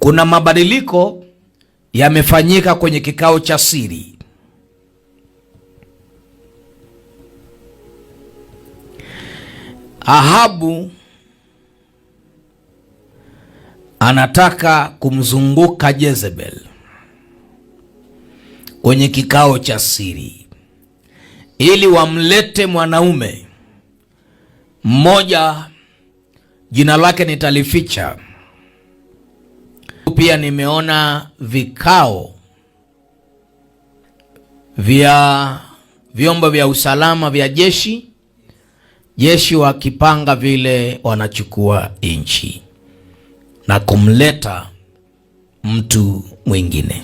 kuna mabadiliko yamefanyika kwenye kikao cha siri. Ahabu anataka kumzunguka Jezebel kwenye kikao cha siri ili wamlete mwanaume mmoja, jina lake nitalificha pia nimeona vikao vya vyombo vya usalama vya jeshi jeshi wakipanga vile wanachukua nchi na kumleta mtu mwingine.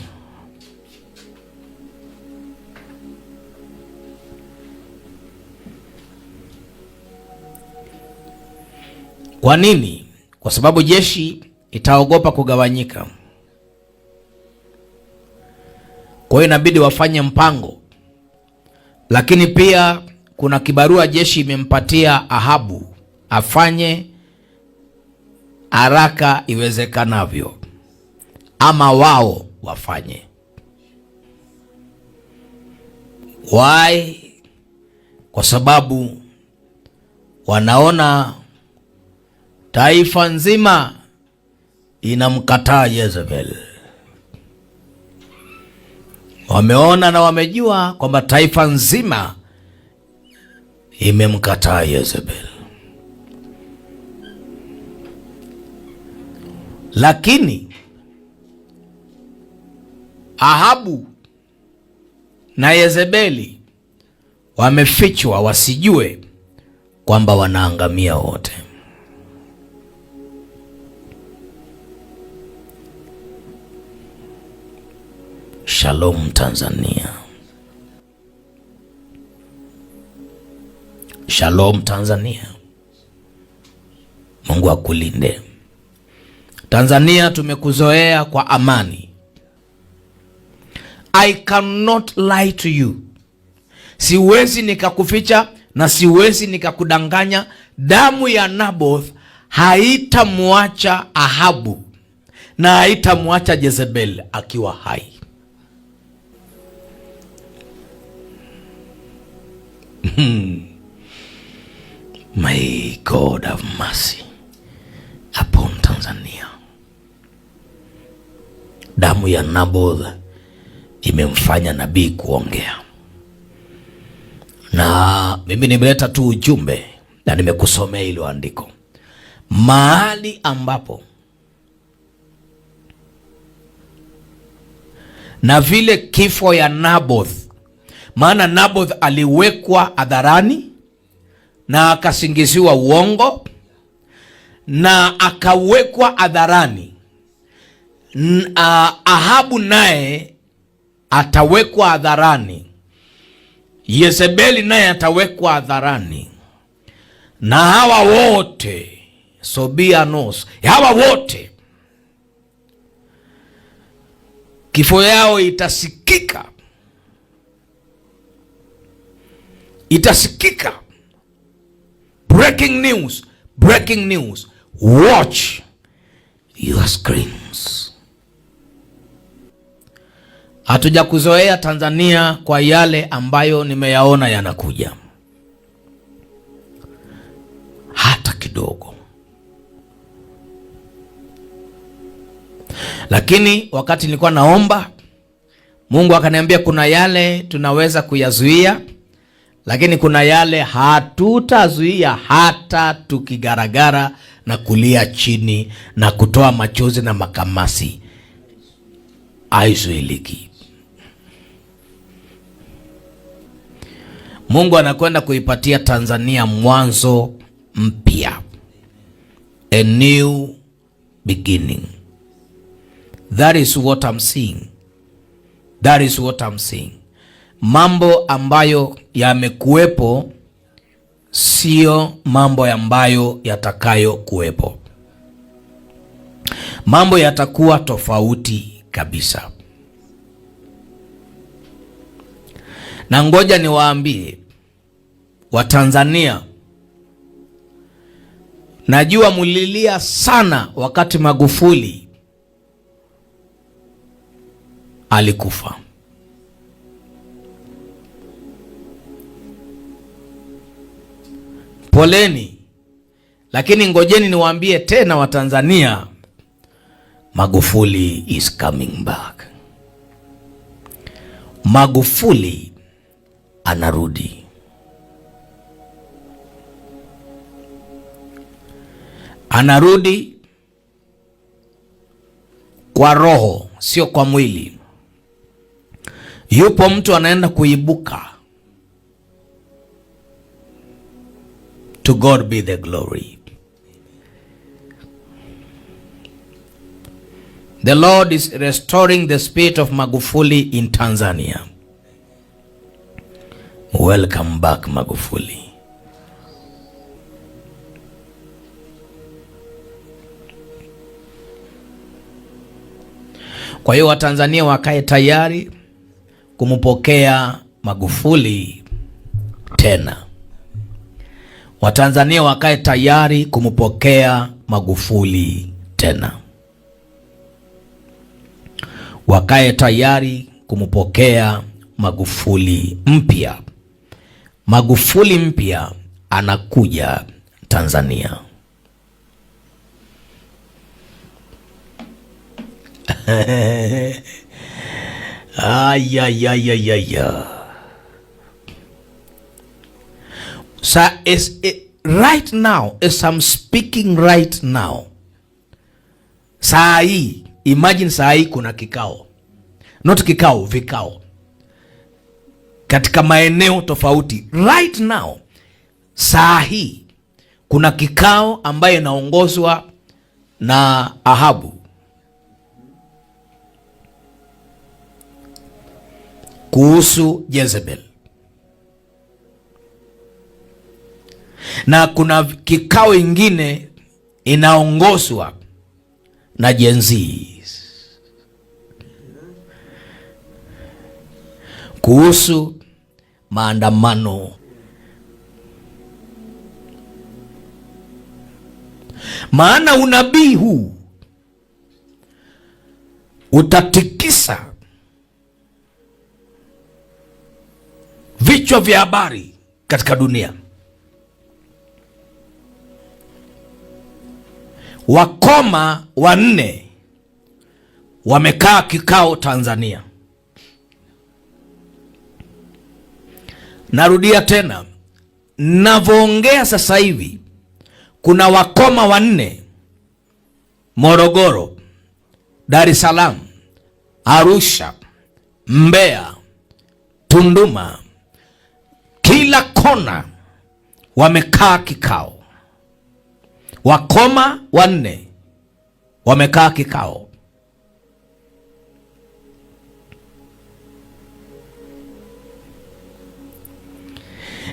Kwa nini? Kwa sababu jeshi itaogopa kugawanyika. Kwa hiyo inabidi wafanye mpango, lakini pia kuna kibarua jeshi imempatia Ahabu afanye haraka iwezekanavyo, ama wao wafanye. Why? Kwa sababu wanaona taifa nzima inamkataa Jezebel. Wameona na wamejua kwamba taifa nzima imemkataa Yezebel, lakini Ahabu na Yezebeli wamefichwa wasijue kwamba wanaangamia wote. Shalom Tanzania. Shalom Tanzania. Mungu akulinde. Tanzania tumekuzoea kwa amani. I cannot lie to you. Siwezi nikakuficha na siwezi nikakudanganya. Damu ya Naboth haitamwacha Ahabu na haitamwacha Jezebel akiwa hai. Hmm. My God have mercy upon Tanzania. Damu ya Naboth imemfanya nabii kuongea, na mimi nimeleta tu ujumbe na nimekusomea hilo andiko, mahali ambapo na vile kifo ya Naboth maana Naboth aliwekwa hadharani na akasingiziwa uongo na akawekwa hadharani. Ahabu naye atawekwa hadharani. Yezebeli naye atawekwa hadharani, na hawa wote Sobianos, hawa wote kifo yao itasikika itasikika. Breaking news, breaking news. Watch your screens. Hatuja kuzoea Tanzania kwa yale ambayo nimeyaona yanakuja, hata kidogo. Lakini wakati nilikuwa naomba Mungu akaniambia kuna yale tunaweza kuyazuia lakini kuna yale hatutazuia hata tukigaragara na kulia chini na kutoa machozi na makamasi, aizuiliki. Mungu anakwenda kuipatia Tanzania mwanzo mpya, a new beginning. That is what I'm seeing. That is what I'm seeing mambo ambayo yamekuwepo siyo mambo ambayo yatakayo kuwepo Mambo yatakuwa tofauti kabisa, na ngoja niwaambie Watanzania, najua mulilia sana wakati Magufuli alikufa. poleni, lakini ngojeni niwaambie tena Watanzania, Magufuli is coming back. Magufuli anarudi. Anarudi kwa roho, sio kwa mwili. Yupo mtu anaenda kuibuka To God be the glory. The Lord is restoring the spirit of Magufuli in Tanzania. Welcome back Magufuli. Kwa hiyo Watanzania wakae tayari kumpokea Magufuli tena. Watanzania wakae tayari kumpokea Magufuli tena, wakae tayari kumpokea Magufuli mpya. Magufuli mpya anakuja Tanzania. Ayayayayaya. So as a, right now as I'm speaking right now, saa hii imagine, saa hii kuna kikao, not kikao, vikao katika maeneo tofauti. Right now saa hii kuna kikao ambayo inaongozwa na Ahabu kuhusu Jezebel. na kuna kikao ingine inaongozwa na jenzi kuhusu maandamano. Maana unabii huu utatikisa vichwa vya habari katika dunia. Wakoma wanne wamekaa kikao Tanzania. Narudia tena, navyoongea sasa hivi kuna wakoma wanne Morogoro, Dar es Salaam, Arusha, Mbeya, Tunduma, kila kona wamekaa kikao. Wakoma wanne wamekaa kikao,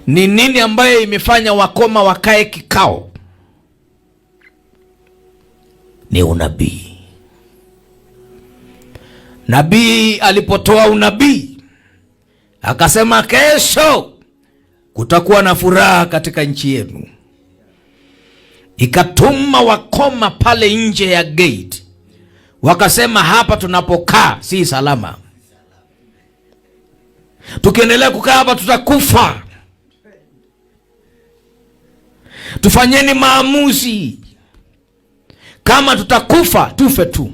ni nini ambayo imefanya wakoma wakae kikao? Ni unabii. Nabii alipotoa unabii akasema, kesho kutakuwa na furaha katika nchi yenu ikatuma wakoma pale nje ya gate, wakasema hapa tunapokaa si salama, tukiendelea kukaa hapa tutakufa, tufanyeni maamuzi, kama tutakufa tufe tu.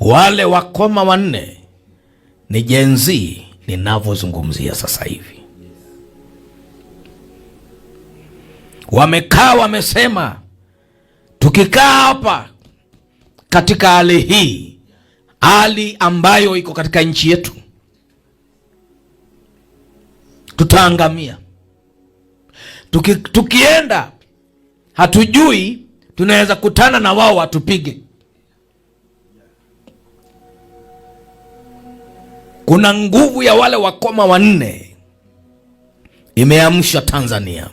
Wale wakoma wanne ni jenzi ninavyozungumzia sasa hivi wamekaa wamesema, tukikaa hapa katika hali hii, hali ambayo iko katika nchi yetu, tutaangamia. Tuki, tukienda hatujui tunaweza kutana na wao watupige. Kuna nguvu ya wale wakoma wanne imeamsha Tanzania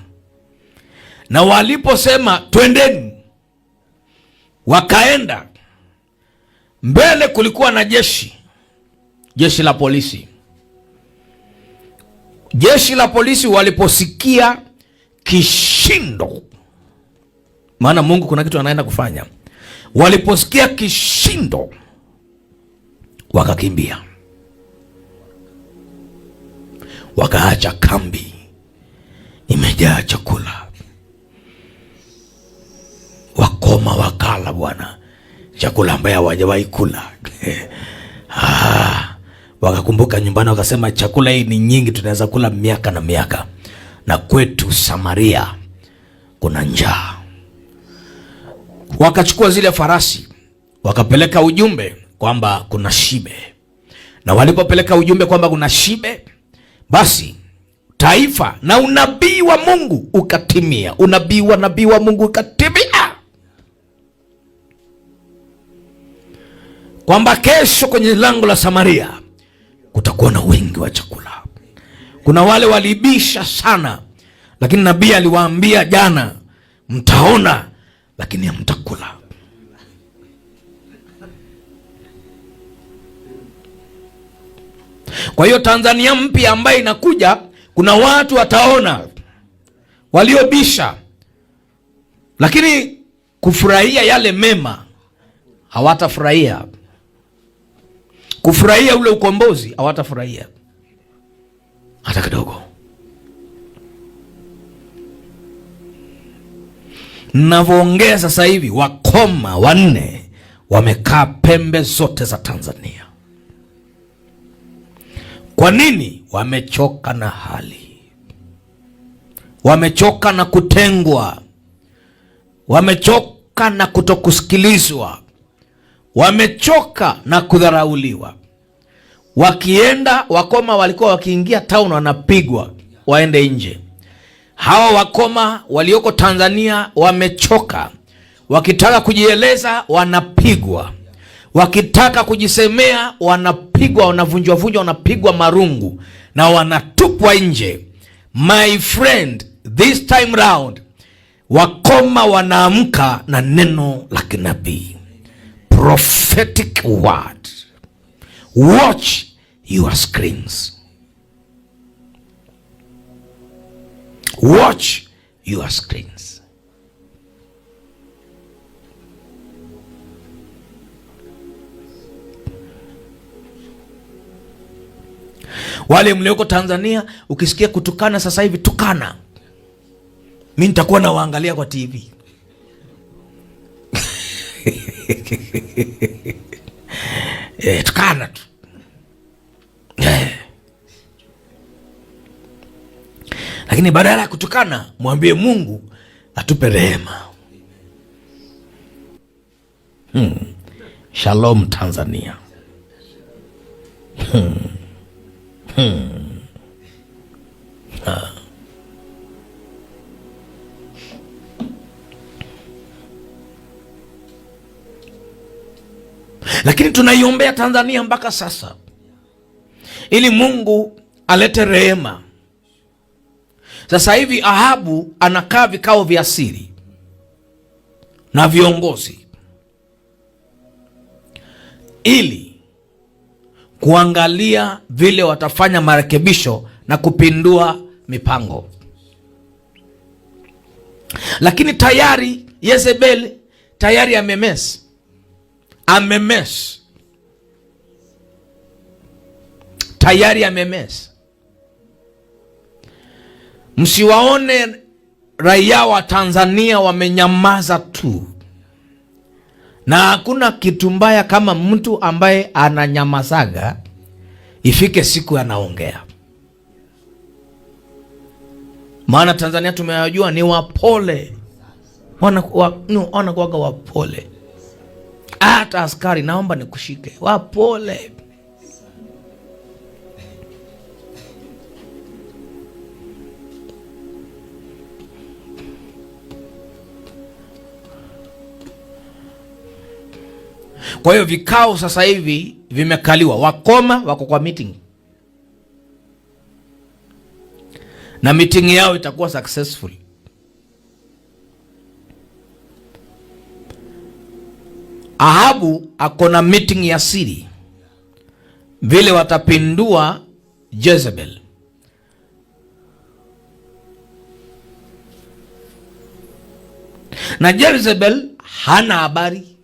na waliposema twendeni, wakaenda mbele. Kulikuwa na jeshi, jeshi la polisi. Jeshi la polisi waliposikia kishindo, maana Mungu kuna kitu anaenda kufanya. Waliposikia kishindo, wakakimbia, wakaacha kambi imejaa chakula ndio mawakala bwana, chakula ambaye hawajawahi kula ah, wakakumbuka nyumbani, wakasema chakula hii ni nyingi, tunaweza kula miaka na miaka, na kwetu Samaria kuna njaa. Wakachukua zile farasi wakapeleka ujumbe kwamba kuna shibe, na walipopeleka ujumbe kwamba kuna shibe, basi taifa na unabii wa Mungu ukatimia. Unabii wa nabii wa Mungu ukatimia. kwamba kesho kwenye lango la Samaria kutakuwa na wingi wa chakula. Kuna wale walibisha sana, lakini nabii aliwaambia jana, mtaona lakini hamtakula. Kwa hiyo Tanzania mpya ambayo inakuja, kuna watu wataona waliobisha, lakini kufurahia yale mema hawatafurahia kufurahia ule ukombozi hawatafurahia hata kidogo. Navyoongea sasa hivi, wakoma wanne wamekaa pembe zote za Tanzania. Kwa nini? Wamechoka na hali, wamechoka na kutengwa, wamechoka na kutokusikilizwa, wamechoka na kudharauliwa. Wakienda wakoma walikuwa wakiingia town wanapigwa waende nje. Hawa wakoma walioko Tanzania wamechoka, wakitaka kujieleza wanapigwa, wakitaka kujisemea wanapigwa, wanavunjwa vunjwa, wanapigwa marungu na wanatupwa nje. My friend, this time round wakoma wanaamka na neno la kinabii, prophetic word watch your screens, watch your screens. Wale mlioko Tanzania, ukisikia kutukana sasa hivi, tukana, mi nitakuwa nawaangalia kwa TV eh, tukana tu Lakini badala ya kutukana, mwambie Mungu atupe rehema. Hmm. Shalom Tanzania. Hmm. Hmm. Lakini tunaiombea Tanzania mpaka sasa ili Mungu alete rehema sasa hivi Ahabu anakaa vikao vya siri na viongozi ili kuangalia vile watafanya marekebisho na kupindua mipango, lakini tayari Yezebel tayari amemes amemes tayari amemes Msiwaone raia wa Tanzania wamenyamaza tu, na hakuna kitu mbaya kama mtu ambaye ananyamazaga ifike siku anaongea. Maana Tanzania tumewajua ni wapole, wanakuwaga wapole. Hata askari, naomba nikushike, wapole Kwa hiyo vikao sasa hivi vimekaliwa, wakoma wako kwa meeting na meeting yao itakuwa successful. Ahabu akona meeting ya siri vile watapindua Jezebel. Na Jezebel hana habari.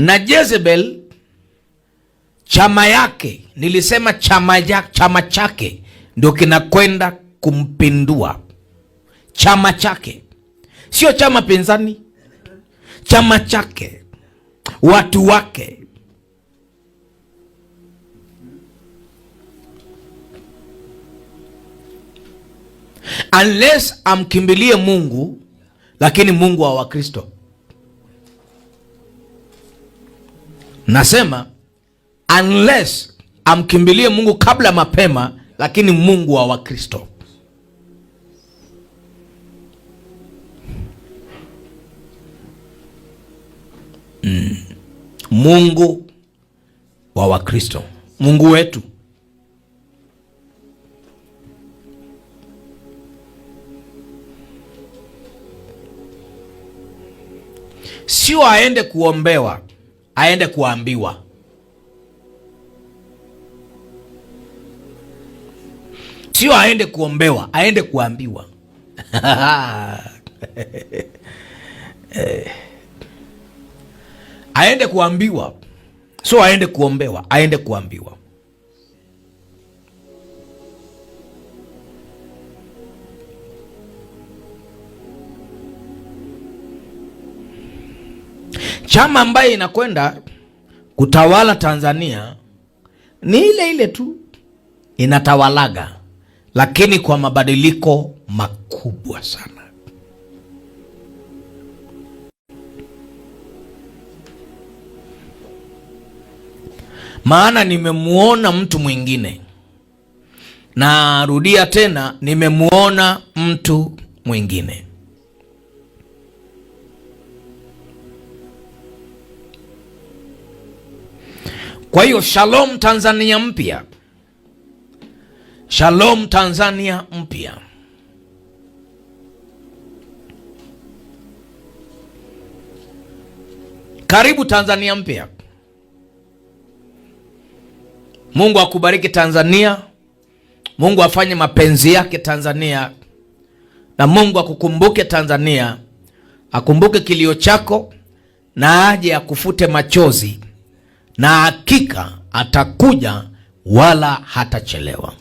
na Jezebel chama yake, nilisema chama, ya, chama chake ndio kinakwenda kumpindua. Chama chake sio chama pinzani, chama chake, watu wake. Unless amkimbilie Mungu, lakini Mungu wa Wakristo Nasema unless amkimbilie Mungu kabla mapema, lakini Mungu wa Wakristo. Mm. Mungu wa Wakristo, Mungu wetu. Sio aende kuombewa aende kuambiwa. Sio aende kuombewa, aende kuambiwa. Eh. Eh. aende kuambiwa, so aende kuombewa, aende kuambiwa. chama ambayo inakwenda kutawala Tanzania ni ile ile tu inatawalaga, lakini kwa mabadiliko makubwa sana. Maana nimemuona mtu mwingine, narudia tena, nimemuona mtu mwingine Kwa hiyo shalom Tanzania mpya, shalom Tanzania mpya. Karibu Tanzania mpya. Mungu akubariki Tanzania. Mungu afanye mapenzi yake Tanzania, na Mungu akukumbuke Tanzania, akumbuke kilio chako na aje akufute machozi na hakika atakuja wala hatachelewa.